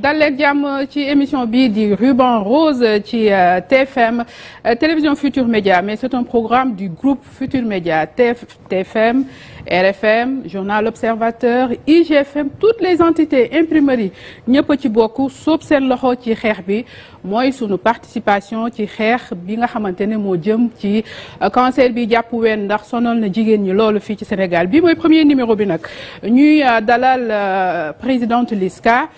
dal leen jàmm ci émission bi di ruban rose ci euh, TFM euh, télévision Futur Média mais c'est un programme du groupe Futur Média TFM RFM journal Observateur IGFM toutes les entités imprimerie ñëpp ci bokk soob seen loxo ci xeex bi mooy sunu participation ci xeex bi nga xamante ne moo jëm ci euh, cancer bi jàpp ween ndax sonoon na jigéen ñi loolu fii ci Sénégal bi mooy premier numéro bi nag ñuy euh, dalal euh, présidente LISCA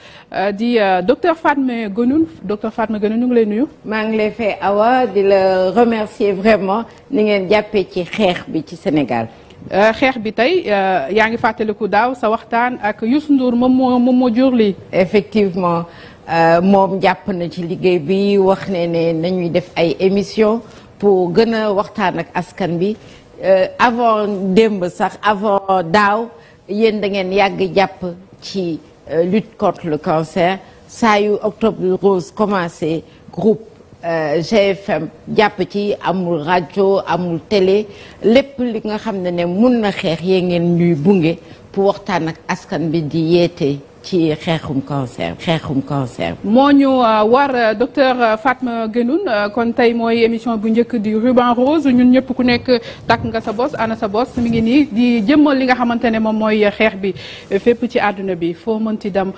di docteur Fatma Guenoune docteur Fatma Guenoune ñu ngi lay nuyu. maa ngi lay fay Awa di la remercier vraiment ni ngeen jàppee ci xeex bi ci Sénégal. Euh, xeex bi tey euh, yaa ngi fàttaliku daaw sa waxtaan ak Youssou Ndour moom moo moom moo effectivement euh, moom jàpp na ci liggéey bi wax ne ne nañuy def ay émissions pour gën a waxtaan ak askan bi avant démb sax avant daaw yéen da ngeen yàgg jàpp ci lutte contre le cancer saa yu octobre rose commencé groupe. Euh, GFM jàpp ci amul rajo amul télé lépp li nga xam ne ne mun na xeex yee ngeen ñuy bunge pour waxtaan ak askan bi di yeete ci xeexum cancer xeexum cancer. moo ñu euh, war euh, docteur euh, Fatma Guenoune kon tey mooy émission bu njëkk di ruban rose ñun ñëpp ku nekk takk nga sa bos ana sa bos mi ngi nii di jëmmal li nga xamante ne moom mooy xeex bi fépp ci àdduna bi foo mën ci dem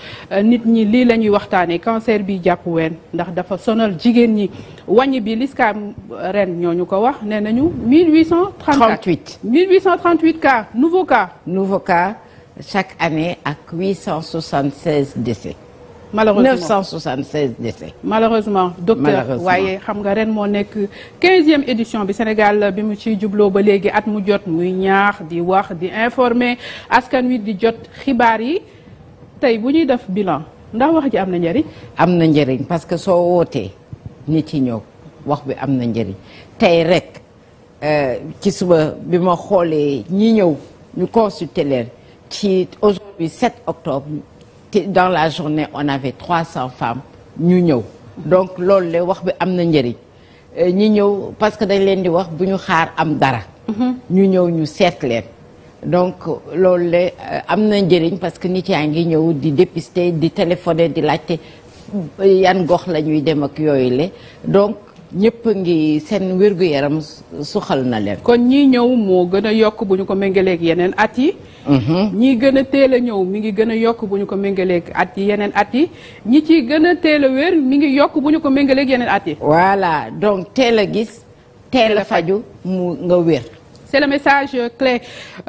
nit ñi lii la ñuy waxtaanee cancer bi jàpp ween ndax dafa sonal jigéen ñi wàññi bi liskaam ren ñoo ñu ko wax nee nañu 1838. 38 1838 cas nouveau cas. nouveau cas. chaque année ak 876 décès. malheureusement 976 décès. malheureusement docteur waaye xam nga ren moo nekk 15e édition bi Sénégal bi mu ciy jubloo ba léegi at mu jot muy ñaax di wax di informer askan wi di jot xibaar yi tey bu ñuy def bilan ndax wax ji am na njëriñ. am na njëriñ parce que soo wootee nit yi ñëw wax bi am na njëriñ tey rek euh, ci suba bi ma xoolee ñi ñëw ñu consulter leen. ci aujourd'hui 7 octobre dans la journée on avait 300 femmes ñu ñëw donc loolu la wax bi am na njëriñ euh, ñi ñëw parce que dañ leen di wax bu ñu xaar am dara mhm. ñu ñëw ñu seet leen donc loolu la euh, am na njëriñ parce que nit yaa ngi ñëw di dépister di téléphoner di laajte euh, yan gox la ñuy dem ak yooyu la donc ñëpp ngi seen wérgu yaram suxal na leen. kon ñii ñëw moo gën a yokk bu ñu ko méngaleeg yeneen at yi. Mm-hmm. ñii gën a teel a ñëw mi ngi gën a yokk bu ñu ko méngaleeg at yeneen at yi ñi ci gën a teel a wér mi ngi yokk bu ñu ko méngaleeg yeneen at yi. waala donc teel a gis teela faju mu nga wér. c'est le message clé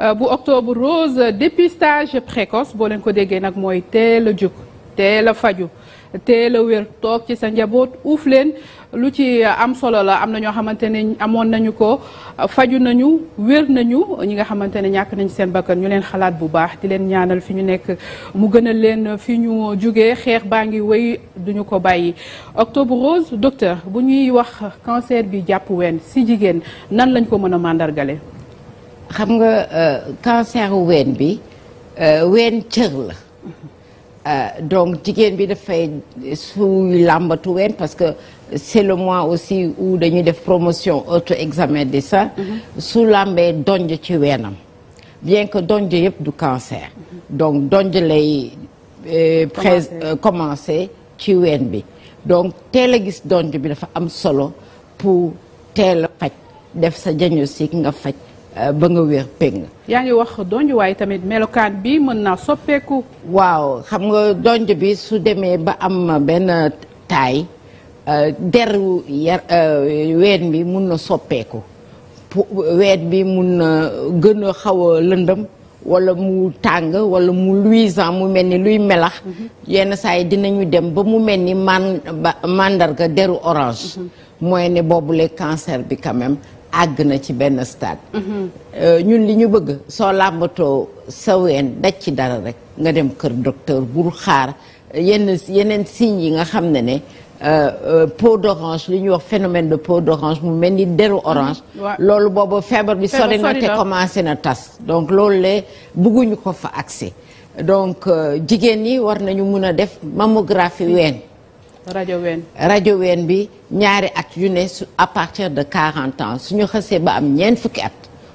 euh, bu octobre rose dépistage précoce boo leen ko déggee nag mooy teel a jug teel a faju te a wér toog ci sa njaboot uuf leen lu ci am solo la am na ñoo xamante ne amoon nañu ko faju nañu wér nañu ñi nga xamante ne ñàkk nañu seen bakkan ñu leen xalaat bu baax di leen ñaanal fi ñu nekk mu gën a leen fi ñu jógee xeex baa ngi wéy duñu ko bàyyi octobre rose docteur bu ñuy wax cancer bi jàpp ween si jigéen nan lañ ko mën a màndargale xam nga euh, cancer ween bi euh, ween cër la mhm. Euh, donc jigéen bi dafay suy làmbatu ween parce que c'est le aussi où dañuy def promotion auto examen de seins mm-hmm. su làmbee donj ci weenam bien que donj yëpp du cancer mm-hmm. donc donj lay euh, prés euh, commencé ci ween bi donc teel a gis donj bi dafa am solo pour teel a faj def sa diagnostic nga faj ba nga wér péng yaa ngi wax donj waaye tamit melokaan bi mën naa soppeeku waaw xam nga donj bi su demee ba am benn taay euh, deru yar euh, ween bi mun na soppeeku ween bi mun na gën a xawa a lëndëm wala mu tàng walla mu luisant mu mel ni luy melax mhm. yenn saa yi dinañu dem ba mu mel ni man deru orange mhm. mooy ne boobule cancer bi quand àgg na ci benn stade. Euh, ñun li ñu bëgg soo làmbatoo sa ween daj ci dara rek nga dem kër docteur bul xaar yenn yeneen signes yi nga xam ne ne euh, euh, peau d'orange li ñuy wax phénomène de peau d'orange mu mel ni deru orange. Mm-hmm. loolu boobu feebar bi sori na te commencé na tas. donc loolu le bëgguñu ko fa agsi donc jigéen ñi war nañu mun a def mammographie ween. rajo ween rajo ween bi ñaari at yu ne su de 40 ans suñu xasee ba am ñeent fukki at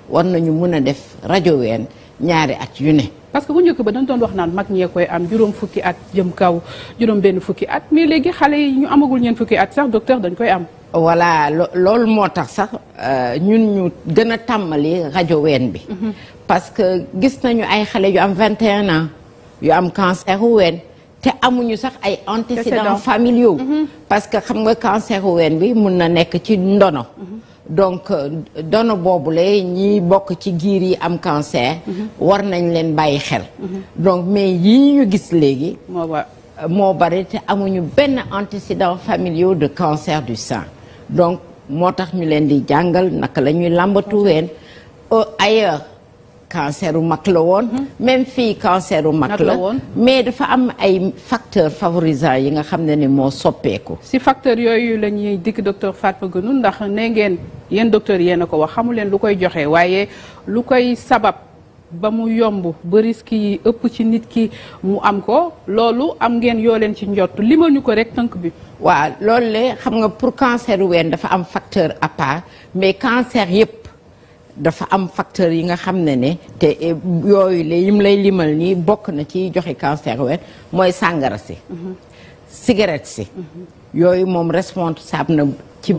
war nañu mun a def rajo ween ñaari at yu ne. parce que bu njëkk ba dañ doon wax naan mag ñee koy am juróom fukki at jëm kaw juróom benn fukki at mais léegi xale yi ñu amagul ñeen fukki at sax docteur dañ koy am. voilà loolu moo tax sax euh, ñun ñu gën a tàmmali rajo ween bi. Mhm. parce que gis nañu ay xale yu am 21 ans yu am cancer ween. te amuñu sax ay antécédents familiaux mm-hmm. parce que xam nga cancer ween bi mun na nekk ci ndono mm-hmm. donc euh, dono boobu boobule ñi bokk ci giir yi am cancer mm-hmm. war nañ leen bàyyi xel donc mais yii ñu gis léegi moo bari te amuñu benn antécédents familiaux de cancer du sein donc moo tax ñu leen di jàngal naka la ñuy làmbatu ween euh, ailleurs cancer wu mag la woon mhm. même fii cancer wu mag la woon mais dafa am ay facteur favorisant yi nga xam ne ni moo soppeeku si facteur yooyu la ñuy dikk docteur Fatma Guenoune ndax ne ngeen yenn docteur yéen a ko wax xamu leen lu koy joxe waaye lu koy sabab ba mu yomb ba risque yi ëpp ci nit ki mu am ko loolu am ngeen yoo leen ci njot li ñu ko rek tënk bi waa loolu le xam nga pour cancer ween dafa am facteur à mais cancer yëpp dafa am facteur yi nga xam ne ne te eh, yooyu la yim lay limal nii bokk na ci joxe cancer wér mooy sàngara si mhm. cigarette si mhm. yooyu moom responsable na ci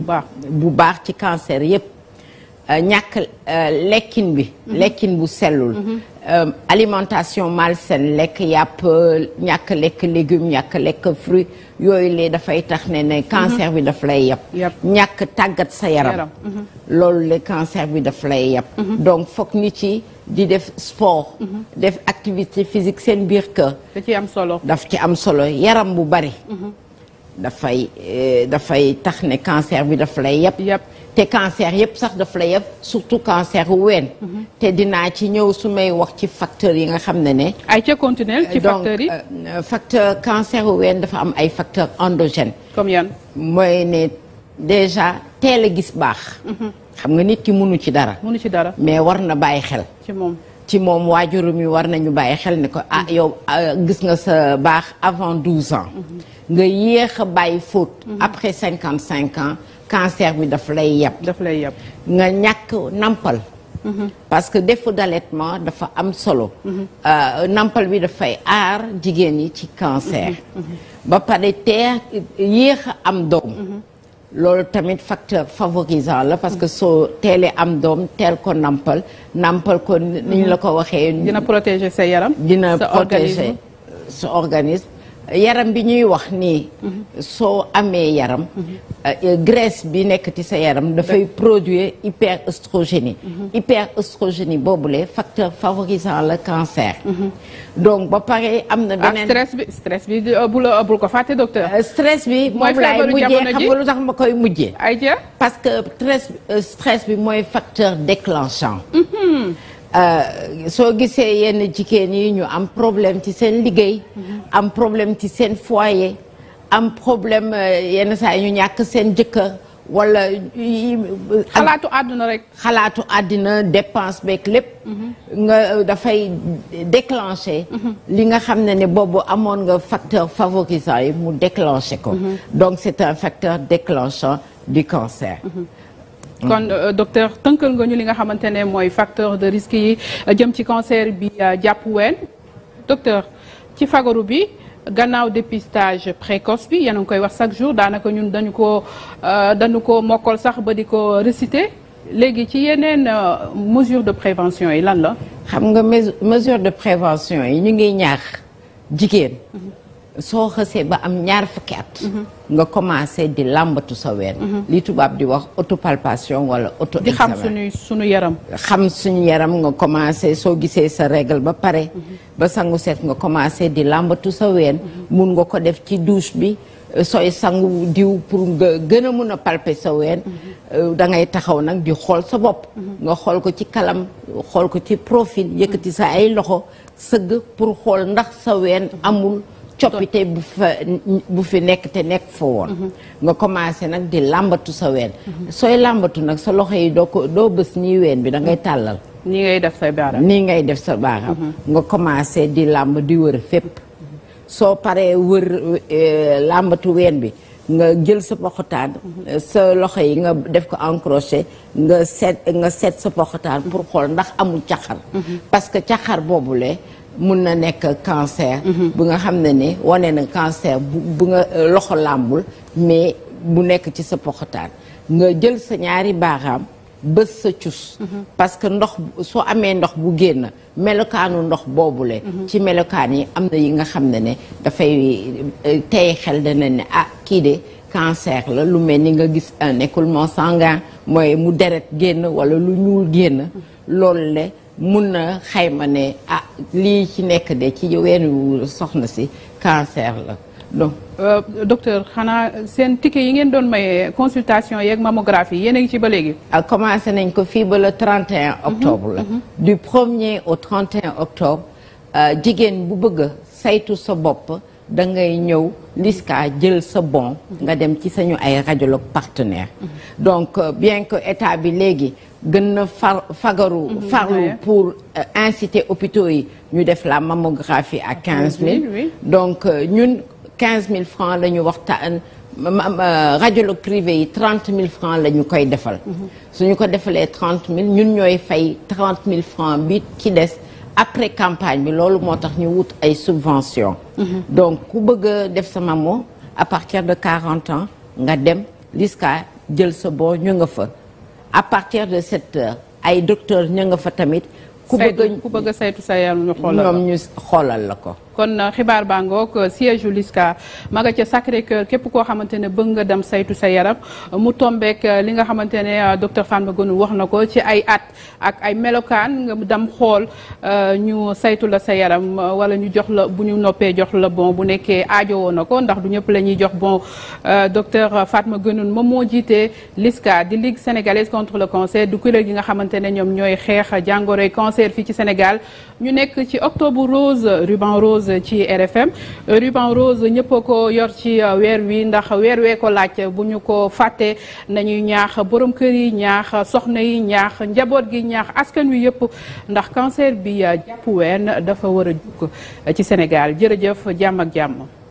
bu baax ci cancer yépp Euh, ñàkk euh, lekkin bi mhm. lekkin bu sellul mhm. euh, alimentation malsaine lekk yàpp ñàkk lekk légumes ñàkk lekk fruit yooyu lee dafay tax ne ne cancer mhm. bi daf lay yàpp ñàkk tàggat sa yaram loolu le cancer bi daf lay yàpp donc foog nit ci di def sport def activité physique seen biir kër ci am solo daf ci am solo yaram bu bari dafay dafay tax ne cancer bi daf lay yàpp te cancer yëpp sax daf la yëpp surtout cancer wu ween te dina ci ñëw su may wax ci facteurs yi nga xam ne ne ay ca continuel ci facteurs euh, facteur cancer wu ween dafa am ay facteurs endogènes comme yan mooy ne déjà teel a gis baax mhm. xam nga nit ki mënu ci dara mënu ci dara mais war na bàyyi xel ci moom ci moom waajurum yi war nañu bàyyi xel ne ko ah yow euh, gis nga sa baax avant douze ans mhm. nga yéex bàyyi faute mhm. après cinquante cinq ans cancer bi dafa lay yab. daf lay yab nga ñàkk nampal. Mhm. parce que defu d'allaitement dafa am solo. Mhm. Euh, nampal bi dafay aar jigéen ñi ci cancer. Mhm. ba pare teer yéex am doom. loolu tamit facteur favorisant la parce que soo teelee am doom teel ko nampal nampal ko ni ñu la ko waxee. dina protéger sa yaram. dina protéger sa organisme. yaram bi ñuy wax ni soo amee yaram mhm. euh, graisse bi nekk ci sa yaram dafay produire hyperœstrogénie mhm. hyperœstrogénie boobule facteur favorisant le cancer mhm. donc ba pare am na beneen stress bi bi euh, bu la ko fàtte docteur euh, stress bi moom laay mujjee tax ma koy mujjee parce que stress stress bi mooy facteur déclenchant Euh, soo gisee yenn jigéen yi ñu am problème ci seen liggéey. am problème ci seen foyer. am problème euh, yenn saa yi ñu ñàkk seen jëkkër wala. xalaatu àdduna rek. xalaatu àddina dépense beeg lépp. Mm-hmm. nga euh, dafay déclencher. Mm-hmm. li nga xam ne ne boobu amoon nga facteur favorisant yi mu déclencher ko. Mm-hmm. donc c'est un facteur déclenchant du cancer. kon euh, docteur tënkal nga ñu li nga xamante ne mooy facteur de risque yi euh, jëm ci cancer bi euh, jàpp ween docteur ci fagaru bi gannaaw dépistage précoce bi yéen a ngi koy wax chaque jour daanaka ñun dañu ko dañu ko mokkal sax ba di ko réciter léegi ci yeneen mesure de prévention yi lan la. xam nga mesure de prévention yi ñu ngiy ñaax jigéen. Mhm. soo xësee ba am ñaar fukki at nga commencé di làmbatu sa ween li tubaab di wax autopalpation wala auto di xam suñu suñu yaram xam suñu yaram nga commencé soo gisee sa règle ba pare ba sangu set nga commencé di làmbatu sa ween mun nga ko def ci douche bi sooy sangu diw pour nga gën a mun a palpe sa ween da ngay taxaw nag di xool sa bopp nga xool ko ci kalam xool ko ci profil yëkkati sa ay loxo sëgg pour xool ndax sa ween amul coppite bu fa bu fi nekk te nekk fa woon. Mhm. nga commencé nag di làmbatu sa ween. Mhm. sooy làmbatu nag sa loxo yi doo ko doo bës nii ween bi dangay mhm. tàllal. nii ngay def sa baaraam nii ngay def sa baaraam. nga commencé di làmb di wër fépp. soo paree wër eh, làmbatu ween bi nga jël sa poxotaan. sa loxo yi nga def ko encroché nga seet nga seet sa poxotaan pour xool ndax amul caxar. parce que caxar boobule. mun na nekk cancer. bu nga xam ne ne wane na cancer bu bu nga euh, loxo làmbul mais bu nekk ci sa poxotaan nga jël sa ñaari baaraam bës sa cus. parce que ndox soo amee ndox bu génn melokaanu ndox boobule. ci melokaan yi am na yi nga xam ne ne dafay euh, tey xel dana ne ah kii de cancer la lu mel ni nga gis un moo sanguin mooy mu deret génn wala lu ñuul génn loolu le mun na xayma ne ah lii ci nekk de ci ween wu soxna si cancer la donc. Euh, docteur xanaa seen ticket yi ngeen doon maye consultation yeeg mammographie yéen a ngi ci ba léegi. ak ah, commencé nañ ko fii ba le 31 mhm, octobre la. Mhm. du premier au 31 octobre euh, jigéen bu bëgg saytu sa bopp. da ngay ñëw LISCA jël sa bon nga dem ci sañu ay radiologue partenaire mm-hmm. donc euh, bien que état bi léegi gën na far fagaru mm-hmm. farlu pour euh, inciter hôpitaux yi ñu def la mammographie à quinze mille donc euh, ñun quinze mille francs la ñu waxtaan radiologue privé yi trente mille francs la ñu koy defal mm-hmm. suñu ko defalee trente mille ñun ñooy fay trente mille francs bi ci des après campagne bi loolu moo tax ñu wut ay subventions. Mhm. donc ku bëgg a def sama mamo à partir de 40 ans nga dem LISCA jël sa boo ñu nga fa. à partir de 7 heures ay docteur ñu nga fa tamit. ku bëgg ku bëgg saytu sa yaram ñu xoolal ñoom ñu xoolal la ko. kon euh, xibaar baa ngoog euh, siège liska LISCA ca Sacré-Cœur képp koo xamante ne bëgg nga dem saytu sa yaram mu tombeek euh, li nga xamante ne docteur Fatma Gueye wax na ko ci ay at ak ay melokaan nga dem xool ñu saytu la sa yaram wala ñu jox la bu ñu noppee jox la bon bu nekkee aajowoo na ko ndax du ñëpp la ñuy jox bon docteur Fatma Gueye moom moo jiitee liska di Ligue sénégalaise contre le cancer du kuréel gi nga xamante ne ñoom ñooy xeex jàngoroy cancer fii ci Sénégal ñu nekk ci octobre rose ci RFM ruban rose ñëpp ko yor ci euh, weer wi ndax weer wee ko laaj bu ñu ko fàttee nañuy ñaax borom kër yi ñaax soxna yi ñaax njaboot gi ñaax askan wi yëpp ndax cancer bi euh, jàpp ween dafa war a jukk ci Sénégal jërëjëf jàmm ak jàmm